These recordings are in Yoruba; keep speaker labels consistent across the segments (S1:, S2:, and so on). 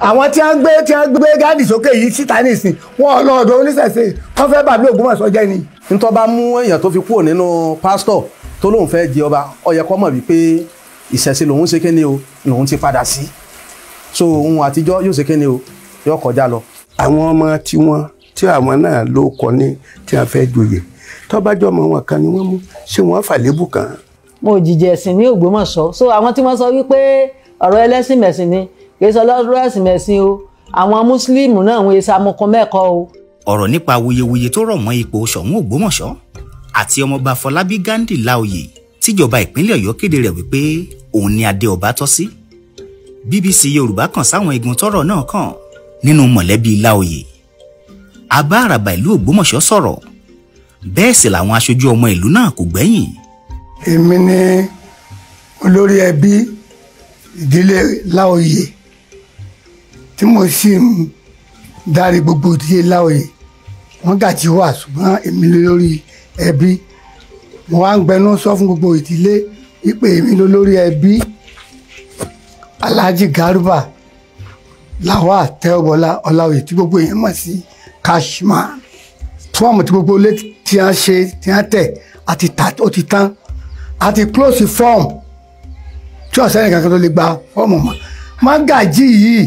S1: àwọn tí wọ́n gbé tí wọ́n gbé gáàdì sókè yìí síta nìsín wọn ọlọ́ọ̀dọ̀ oníṣẹ̀ṣe wọ́n fẹ́ bàbá Ògbómọ̀ṣọ́ jẹ́ ni. nítorí bá mú èèyàn tó fi kúrò nínú pásítọ̀ tó lóun fẹ́ di ọba ó yẹ kó mọ̀ wípé ìṣẹ̀ṣe lòun ṣe kéne o lòun ti padà sí so ohun àtijọ́ yóò ṣe kéne o yóò kọjá lọ. àwọn ọmọ tiwọn tí àwọn náà ló kọ ní
S2: tí wọ́n fẹ́ joyè tọ́bájọ́ ọmọ wọn kan ni wọ́n mú ṣé wọ́n fàlébù kan.
S3: mo jìjẹ ẹ̀sìn ní Ògbómọ̀ṣọ́ so àwọn tí wọ́n sọ wípé ọ̀rọ̀ ẹlẹ́sìn mẹ̀sìn ni kì í sọ lọ́dún ẹ̀sìn mẹ̀sìn o àwọn mùsùlùmí náà ń ṣe amukun mẹ́kọ o.
S4: ọ̀rọ̀ nípa awuyewuye tó rọ̀ mọ́ ipò Ṣọ̀ún Ògbómọ̀ṣọ́ àti ọmọọba Fọlábí Ghandi Láoyè tíjọba ìpínlẹ̀ Ọ̀yọ́ kéde rẹ̀ wípé òun ni adé ọba tọ́ sí. BBC Yorùbá kàn sáwọn igun tọ́rọ̀ náà kàn nínú mọ̀lẹ́bí Láoyè. abá àràbà ìlú Ògbómọ̀ṣọ́ sọ̀rọ̀ bẹ́ẹ̀ sì làwọn aṣojú ọmọ ìlú náà kò gbẹ́yìn. èmi ni olórí ẹbí ìdílé Láoyè tí mo sì ń darí gbogbo ìdílé láòyè wọ́n gàjí wà ṣùgbọ́n èmi lórí ẹbí mo wá ń gbẹnu sọ fún gbogbo ìdílé wípé èmi lórí ẹbí Alhaji Garba Lawal Tẹ́wọ́bọlá Ọláoyè tí gbogbo èèyàn mọ̀ sí Kashima fọ́ọ̀mù tí gbogbo ilé tí a ṣe tí a tẹ̀ àti ó ti tán àti close fọ́ọ̀mù tí ọ̀sẹ̀ nìkan tó lè gba fọ́ọ̀mù mọ́ Magaji yìí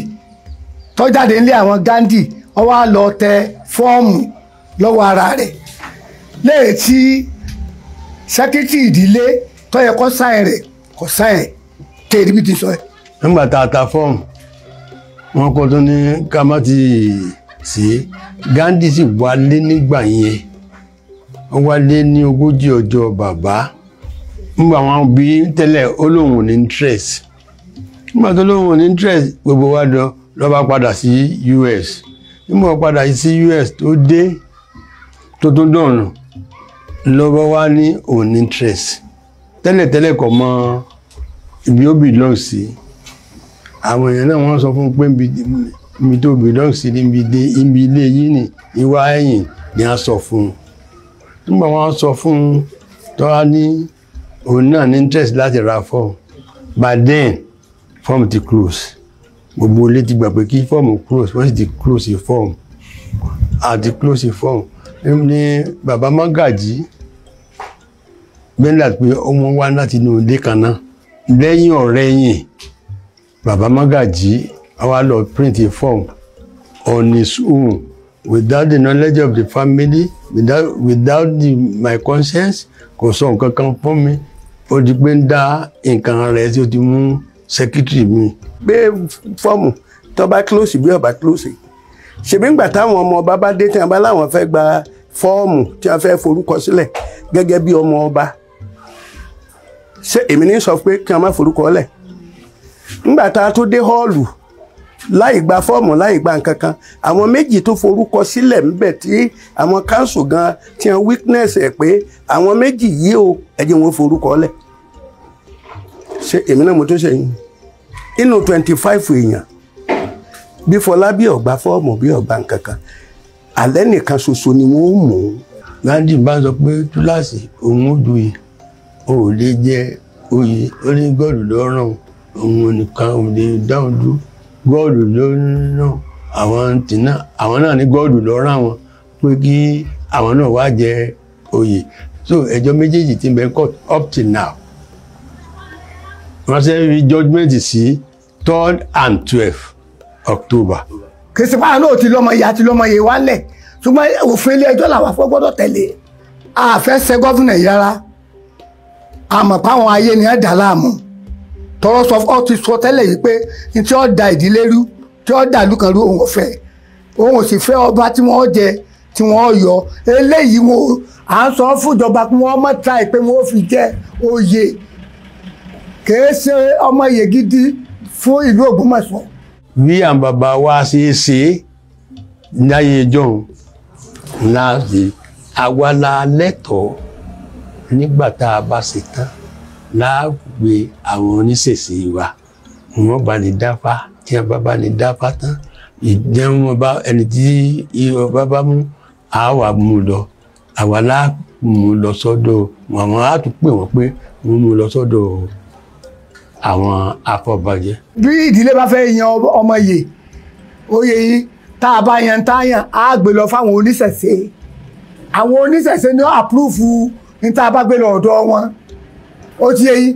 S4: tó jáde nílé àwọn Gandhi ó wá lọ tẹ fọ́ọ̀mù lọ́wọ́ ara rẹ̀ léè tí sẹ́kítì ìdílé tó yẹ kó sáyẹn rẹ̀ kó sáyẹn kéèrí bí ti sọ ẹ̀. nígbà tá a ta fọ́ọ̀mù
S2: wọn kò tún ní ká sí Gandhi sì wálé nígbà yẹn ó wálé ní ogójì ọjọ́ bàbá nígbà wọn bí tẹ́lẹ̀ ó lóun ò ní interest nígbà tó lóun ò ní interest gbogbo wa dán ló bá padà sí US nígbà wọ́n padà sí US tó dé tó tún dọ̀nà ló bá wá ní òun interest tẹ́lẹ̀tẹ́lẹ̀ kò mọ ibi ó belong sí àwọn èèyàn náà wọ́n sọ fún pé ibi tó belong sí níbi ilé yìí ní ìwà ẹ̀yìn ni a sọ fún un nígbà wọ́n sọ fún un tó wá ní òun náà ní interest láti ra fọ́ọ̀mù but then fọ́ọ̀mù ti close gbogbo ilé ti gbà pé kí fọ́ọ̀mù close wọ́n sì the close fọ́ọ̀mù àti close fọ́ọ̀mù ní bàbá Màgàjí bẹ́ńdà pé ọmọ wá láti inú ilé kan náà lẹ́yìn ọ̀rẹ́yìn bàbá Màgàjí àwa lọ print a form on his own without the knowledge of the family without, without the, my conscience kò sọ nǹkan kan fún mi ó di pé ń dá nǹkan rẹ̀ tí ó ti mú secretary mi gbé fọ́ọ̀mù tó bá close bí ọba close ṣèbí ńgbà táwọn ọmọ ọba bá dé tí wọn bá láwọn fẹ́ gba fọ́ọ̀mù tí wọn fẹ́ forúkọ sílẹ̀ gẹ́gẹ́ bí ọmọ ọba ṣé èmi ní sọ pé kí wọn má forúkọ lẹ̀ ńgbà tá a tó dé họ́ọ̀lù láì gba fọ́ọ̀mù láì gba nǹkan kan àwọn méjì tó forúkọ sílẹ̀ ńbẹ̀ tí àwọn council gan ti witness ẹ̀ pé àwọn méjì yìí o ẹ̀jẹ̀ wọn forúkọ lẹ̀ ṣe èmi náà mo tó ṣe yín inú twenty five èèyàn bí Fọlá bí ọgbà fọ́ọ̀mù bí ọgbà nkankan alẹ́ nìkan ṣoṣo ni wọ́n mú un. Ghandi bá sọ pé túláàsì òun ó du yìí o ò lè jẹ oyè onígọ́ọ̀lù lọ́rùn òun nìkan ò lè dáhùn dú gọ́ọ̀lù lọ́rùn àwọn tìǹà àwọn náà ní gọ́ọ̀lù lọ́rùn àwọn pé kí àwọn náà wá jẹ oyè so ẹjọ́ méjèèjì ti bẹ court up till now ránṣẹ́ fi judgement sí third and twelve october.
S4: kìsìpá náà ti lọ́mọ iye àti lọ́mọ iye wálẹ̀ ṣùgbọ́n òfin ilé ẹjọ́ làwọn afọ gbọ́dọ̀ tẹ̀lé àfẹsẹ̀ gọ́fìnà yìí rárá àmọ́ páwọn ayé ni ẹ̀ dà láàmú tọrọ sọ ọ ti sọ tẹ́lẹ̀ yìí pé ní tí ó da ìdílé rú tí ó dàlú kan rú òun ọ̀fẹ́ òun ò sì fẹ́ ọba tí wọ́n jẹ tí wọ́n yọ eléyìí wọn à ń sọ fún ìjọba pé wọ́n mọ̀ táì wọ́n fi jẹ oyè kìí ṣe ọmọ iye gidi fún ìlú Ògbómọ̀ṣọ́.
S2: bí àwọn bàbá wa ṣe é ṣe láyé john láàbì àwa la lẹ́tọ̀ọ́ nígbà tá a bá ṣe tán láàgbé àwọn oníṣẹ̀ṣe wa wọ́n bá ní dáfá tí wọ́n bá bá ní dáfá tán ìjẹun bá ẹni tí ọba bá mú àwa mú lọ àwa láà mú lọ sọ́dọ̀ àwọn á tún pé wọ́n mú lọ sọ́dọ̀ àwọn afọbajẹ.
S4: bí ìdílé bá fẹ́ yan ọmọ yè oyè yìí tá a bá yan tá a yan á gbé lọ fáwọn oníṣẹ̀ṣe àwọn oníṣẹ̀ṣe ni ó àpúrúfù ní tá a bá gbé lọ ọ̀dọ̀ wọn ó ti yẹ yìí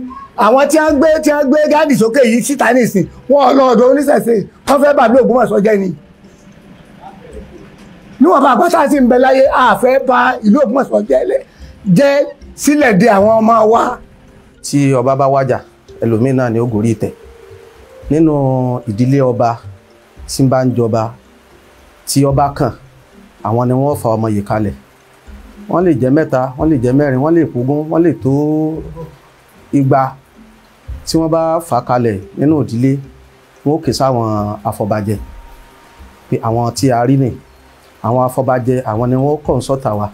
S4: àwọn tí wọ́n gbé tí wọ́n gbé gáàdì sókè yìí síta nìsín wọ́n lọ ọ̀dọ̀ oníṣẹ̀ṣe wọ́n fẹ́ bàbá Ògbómọ̀ṣọ́ jẹ́ ni níwọ̀n bá àgbọ́tà sí ń bẹ láyé àfẹ́ bá
S1: ìlú Ògbómọ̀ṣọ́ jẹ́ sílẹ̀ de àwọn ọmọ wa. tí ọba bá wájà ẹlòmíì náà ni ó gòrí ìtẹ̀ nínú ìdílé ọba tí ń bá ń jọba tí ọba kàn àwọn ni wọ́n fa ọmọ yìí kalẹ̀ wọ́n lè jẹ́ mẹ́ta wọ́n lè jẹ́ mẹ́rin wọ́n lè pógún wọ́n lè tó igba tí wọ́n bá fà kalẹ̀ nínú ìdílé wọ́n ó ké sáwọn afọbajẹ pé àwọn tí a rí nì àwọn afọbajẹ àwọn ni wọ́n kàn sọ́tà wa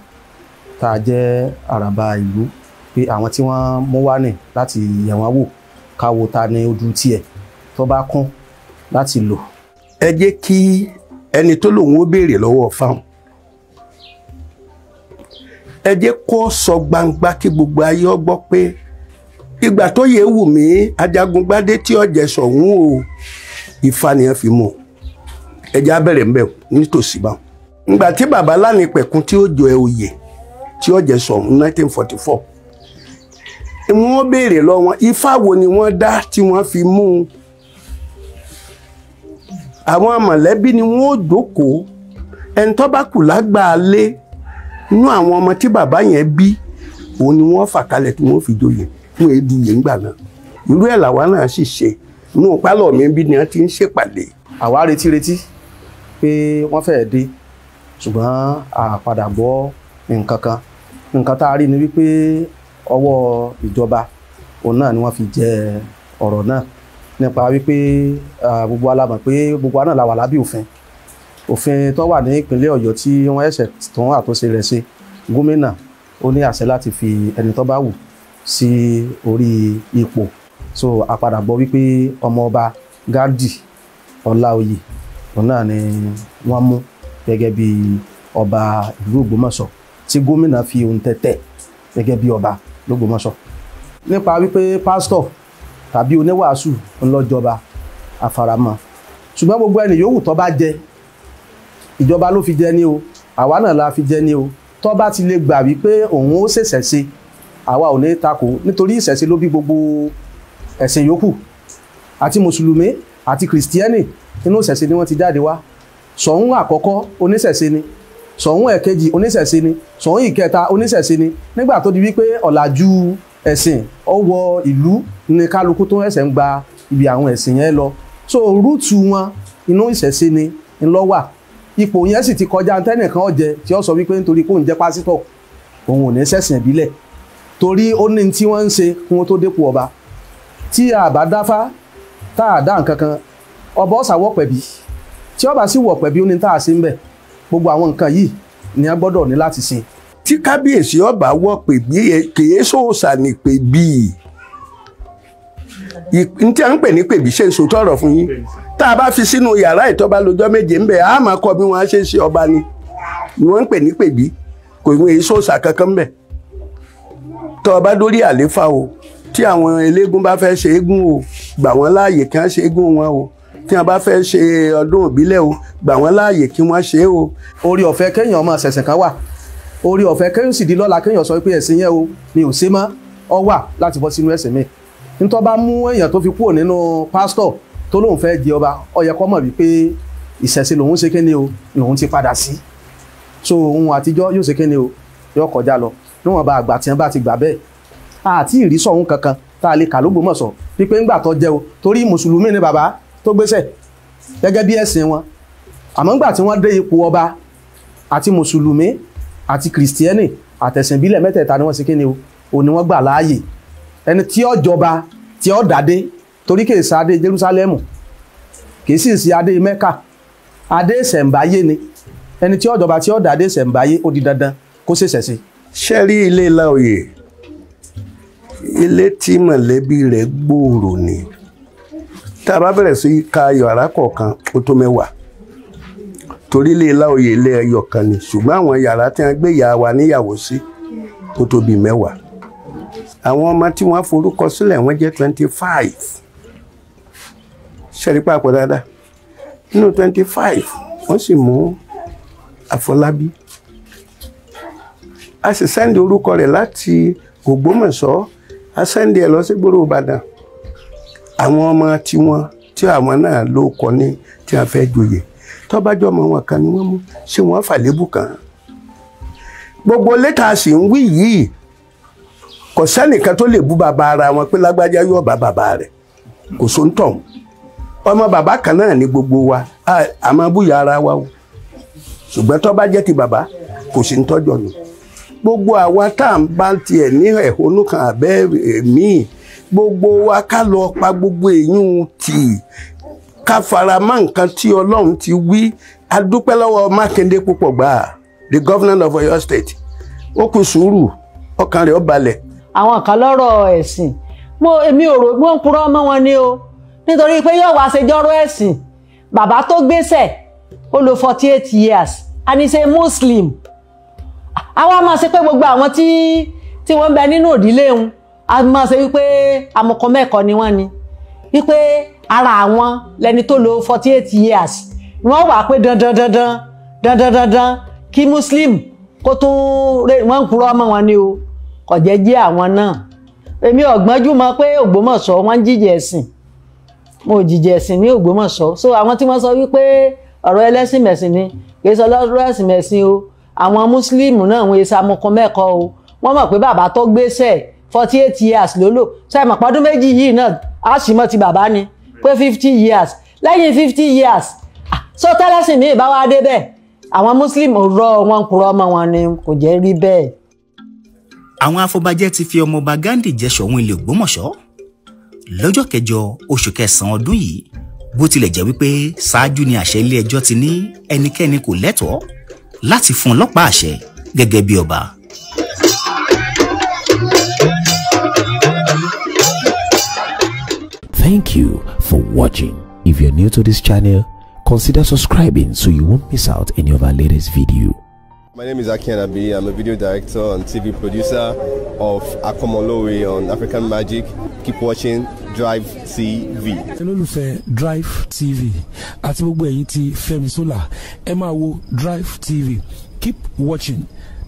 S1: tá a jẹ́ àràbà ìlú pé àwọn tí wọ́n mú wá nì láti yẹ̀ wọ́n wò ká wo ta ni ó dúró tiẹ̀ tó bá kún láti lò. ẹ jẹ́ kí ẹni tó lòun ó béèrè lọ́wọ́ fáwọn
S2: ẹ jẹ́ kó sọ gbangba kí gbogbo ayé ọ gbọ́ pé ìgbà tó yẹ wù mí Ajagungbádé tí ọ̀jẹ̀ sọ̀hún o Ifá ni ẹ fi mú ẹ jẹ́ á bẹ̀rẹ̀ mbẹ̀ nítòsí báwọn. ìgbà tí bàbá Lánipẹ̀kun tí ó jọ ẹ òye tí ọ̀jẹ̀ sọ̀hún 1944 wọ́n béèrè lọ wọn ifá wo ni wọ́n dá tí wọ́n fi mú un àwọn mọ̀lẹ́bí ni wọ́n ó jókòó ẹni tó bá kù lágbàá lé inú àwọn ọmọ tí bàbá yẹn bí òun ni wọ́n fà kalẹ̀ tí wọ́n fi joyè fún èdè yìí ńgbà náà irú ẹ̀ làwa náà sì ṣe inú pálọ̀ mi bí ni wọ́n ti ń ṣèpàdé. àwa retí
S1: retí pé wọ́n fẹ́ẹ́ dé ṣùgbọ́n àpadà gbọ́ nǹkan kan nǹkan tá a rí ni wípé ọwọ́ ìjọba òun náà ni wọ́n fi jẹ ọ̀rọ̀ náà nípa wípé gbogbo wa la mọ̀ pé gbogbo wa náà la wà lábẹ́ òfin òfin tó wà ní ìpínlẹ̀ Ọ̀yọ́ tí wọ́n ẹ̀ṣẹ̀ tó ń àtúnṣe rẹ̀ ṣe gómìnà ó ní àṣẹ láti fi ẹni tó bá wù sí orí ipò so àpadà gbọ́ wípé ọmọ ọba Ghandi Ọláoyè òun náà ni wọ́n mú gẹ́gẹ́ bí ọba ìlú Ògbómọ̀ṣọ́ tí gómìnà fi òun tẹ̀tẹ̀ gẹ́gẹ́ bí ọba lógbómọ̀ṣọ́ nípa wípé pásítọ̀ tàbí oníwàásù ńlọ́jọba àfaramọ́ ṣùgbọ́n gbogbo ẹni yòówù tó bá jẹ ìjọba ló fi jẹ ní o àwa náà la fi jẹ ní o tó bá ti lè gbà wípé òun ó ṣẹ̀ṣẹ̀ ṣe àwa ò ní takò nítorí ìṣẹ̀ṣe ló bí gbogbo ẹ̀sìn yòókù àti mùsùlùmí àti kìrìsìtíẹ́nì inú ìṣẹ̀ṣe ni wọ́n ti jáde wá Ṣọ̀ún àkọ́kọ́ oníṣẹ̀ṣe ni sọ̀hún ẹ̀kejì oníṣẹ̀ṣe ni sọ̀hún ìkẹta oníṣẹ̀ṣe ni nígbà tó di wípé ọ̀làjú ẹ̀sìn ọwọ́ ìlú ni kálukú tó ẹ̀sẹ̀ ń gba ibi àwọn ẹ̀sìn yẹn lọ so rúùtù wọn inú ìṣẹ̀ṣe ni ńlọ́wà ipò yẹn sì ti kọjá ntẹ́nìkan ọ̀jẹ tí ó sọ wípé nítorí kóun jẹ́ pásítọ̀ òun ò ní ṣẹ̀sìn ìbílẹ̀ torí ó ní tí wọ́n ń ṣe kí wọ́n tó dépò ọba tí a bá dáfá tá a dá nǹkan kan ọba ọ̀sà wọ̀pẹ̀bí tí ọba sì wọ̀pẹ̀bí ó ní tá a ṣe ń bẹ̀ gbogbo àwọn nǹkan yìí ni a gbọ́dọ̀ ní láti ṣe. tí kábíyèsí ọba wọ pè bí e, kèé sòòsà ní pè bí
S2: n tí a ń pè ní pèbí ṣe ń sòtọ́ ọ̀rọ̀ fún yín tá a bá fi sínú yàrá ìtọ́ba lọ́jọ́ méje ń bẹ̀ á máa kọ́ bí wọ́n á ṣe ń ṣe ọba ni ni wọ́n ń pè ní pèbí kò ní èyí sòòsà kankan ń bẹ̀ tọ́ ọba dórí àléfà o tí àwọn eléégún bá fẹ́ ṣe eégún o gbà wọ́n láàyè kí wọ́n ṣe eégún wọn o tí wọ́n bá fẹ́ ṣe ọdún
S1: ìbílẹ̀ o gbà wọ́n láàyè kí wọ́n ṣe é o. orí ọ̀fẹ́ kéèyàn máa ṣẹ̀sìn kan wà orí ọ̀fẹ́ kéèyàn sì di lọ́la kéèyàn sọ pé ẹ̀sìn yẹn o mi ò ṣe mọ́ ọ wà láti bọ́ sínú ẹ̀sìn mi ntọ́ bá mú èèyàn tó fi kúrò nínú pásítọ̀ tó lóun fẹ́ di ọba ó yẹ kó mọ̀ wípé ìṣẹ̀sìn lòun ṣe kéne o lòun ti padà sí so ohun àtijọ́ yóò ṣe kéne o yóò kọjá lọ níwọ̀n bá àgbà tí wọ́n bá ti gbà bẹ́ẹ̀ àti ìrísọ̀hún kankan tá a lè kà lógbòmọ̀ṣọ́ tó gbéṣẹ̀ gẹ́gẹ́ bí ẹ̀sìn wọn àmọ́ ńgbà tí wọ́n dé ipò ọba àti mùsùlùmí àti kìrìsìtẹ́nì àtẹ̀sìn ìbílẹ̀ mẹ́tẹ̀ẹ̀ta ni wọ́n ṣe kíni o ò ní wọ́n gbà láàyè ẹni tí ó jọba tí ó dádé torí kìí ṣe adé kìí sì ṣe adé Mẹ́kà adé ìṣẹ̀ǹbáyé ni ẹni tí ó jọba tí ó dádé ìṣẹ̀ǹbáyé ó di dandan kó ṣèṣẹ̀ sí. ṣé rí ilé Láoyè ilé tí mọ̀lẹ́bí
S2: rẹ̀ gbòòrò ni tá a bá bẹ̀rẹ̀ sí ka ayọ̀ àrá kọ̀ọ̀kan ó tó mẹ́wàá torí lè la òye ilé ẹyọ kan ni ṣùgbọ́n àwọn yàrá tí wọ́n gbé ìyá wa níyàwó sí ó tó mẹ́wàá àwọn ọmọ tí wọ́n forúkọ sílẹ̀ wọ́n jẹ́ twenty five ṣẹ́rí pàpọ̀ dáadáa nínú twenty five wọ́n sì mú Àfọlábí a sì sẹ́ndì orúkọ rẹ̀ láti Ògbómọ̀ṣọ́ a sẹ́ndì ẹ̀ lọ sí gbòòrò Ìbàdàn àwọn ọmọ tiwọn tí àwọn náà ló kọ ní tí wọ́n fẹ́ joyè tọ́bájọ́ ọmọ wọn kan ni wọ́n mú ṣé wọ́n fàlébù kàn án gbogbo létà sì ń wí yìí kò sẹ́nìkan tó lè bú bàbá ara wọn pé lágbájá yóò bá bàbá rẹ̀ kò só ń tọ̀hún ọmọ bàbá kan náà ni gbogbo wa àmọ́ búyà ara wa o ṣùgbọ́n tó jẹ́ ti bàbá kò sí ń tọ́jọ́ nù gbogbo àwa tá à ń bá tiẹ̀ ní ẹ̀hónú kan àbẹ́ eh, míì gbogbo wa ká lọ pa gbogbo èyún tì ká fara mọ́ nǹkan tí ọlọ́run ti wí adúpẹ́ lọ́wọ́ mákindé púpọ̀ gbà the governor of Oyo state
S3: ó kù sùúrù ọkàn rẹ̀ ó balẹ̀. àwọn kan lọ́rọ̀ ẹ̀sìn mo èmi ò rò mo ń purọ́ mọ́ wọn ni o nítorí pé yóò wá ṣèjọ́rọ̀ ẹ̀sìn bàbá tó gbéṣẹ̀ ó lò forty eight years and he's a muslim àwa máa ṣe pé gbogbo àwọn tí tí wọ́n ń bẹ nínú òdílé wọn a máa ṣe wípé amọ̀kọ mẹ́kọ ni wọ́n ni wípé ara àwọn lẹni tó lo forty eight years wọ́n wà pé dandan dandan dandan dandan kí muslim kó tún wọ́n ń kúrò ọmọ wọn ni o kò jẹ́ jẹ́ àwọn náà èmi ọ̀gbọ́njú mọ̀ pé Ògbómọ̀ṣọ́ wọ́n ń jíjẹ ẹ̀sìn mo jíjẹ ẹ̀sìn ní Ògbómọ̀ṣọ́ so àwọn tí wọ́n sọ wípé ọ̀rọ̀ ẹlẹ́sìn mẹ̀sìn ni kì í sọ lọ́rọ̀ ẹ̀sìn mẹ̀sìn o àwọn mùsùlùmí náà wọ́n ṣe amọ̀kan mẹ́kọ o wọ́n mọ̀ pé bàbá tó gbéṣẹ́ forty eight years ló lò ṣe mọ̀ pọ́dún méjì yìí náà a ti bàbá ni pé fifty years lẹ́yìn fifty years so tẹ́lẹ̀sìn mi ìbá wa dé bẹ́ẹ̀ àwọn muslim rọ wọn kúrò ọmọ wọn ni kò jẹ́ rí bẹ́ẹ̀.
S4: àwọn afọbajẹ ti fi ọmọọba Ghandi jẹ Ṣọ̀ún ilé Ògbómọ̀ṣọ́ lọ́jọ́ kẹjọ oṣù kẹsànán ọdún yìí bó tilẹ̀ jẹ́ wípé ṣáájú ni àṣẹ ilé ẹjọ́ ti ní ẹnikẹ́ni kò lẹ́tọ̀ọ́ láti fún ọlọ́pàá àṣẹ gẹ́gẹ́ bí ọba
S1: Thank you for watching. If you're new to this channel, consider subscribing so you won't miss out any of our latest video.
S2: My name is Aki Abi. I'm a video director and TV producer of Akomolowe on African Magic. Keep watching
S4: Drive TV.
S2: olólùfẹ́ Drive TV àti gbogbo ẹ̀yin tí Fẹ́mi Drive TV. Keep watching.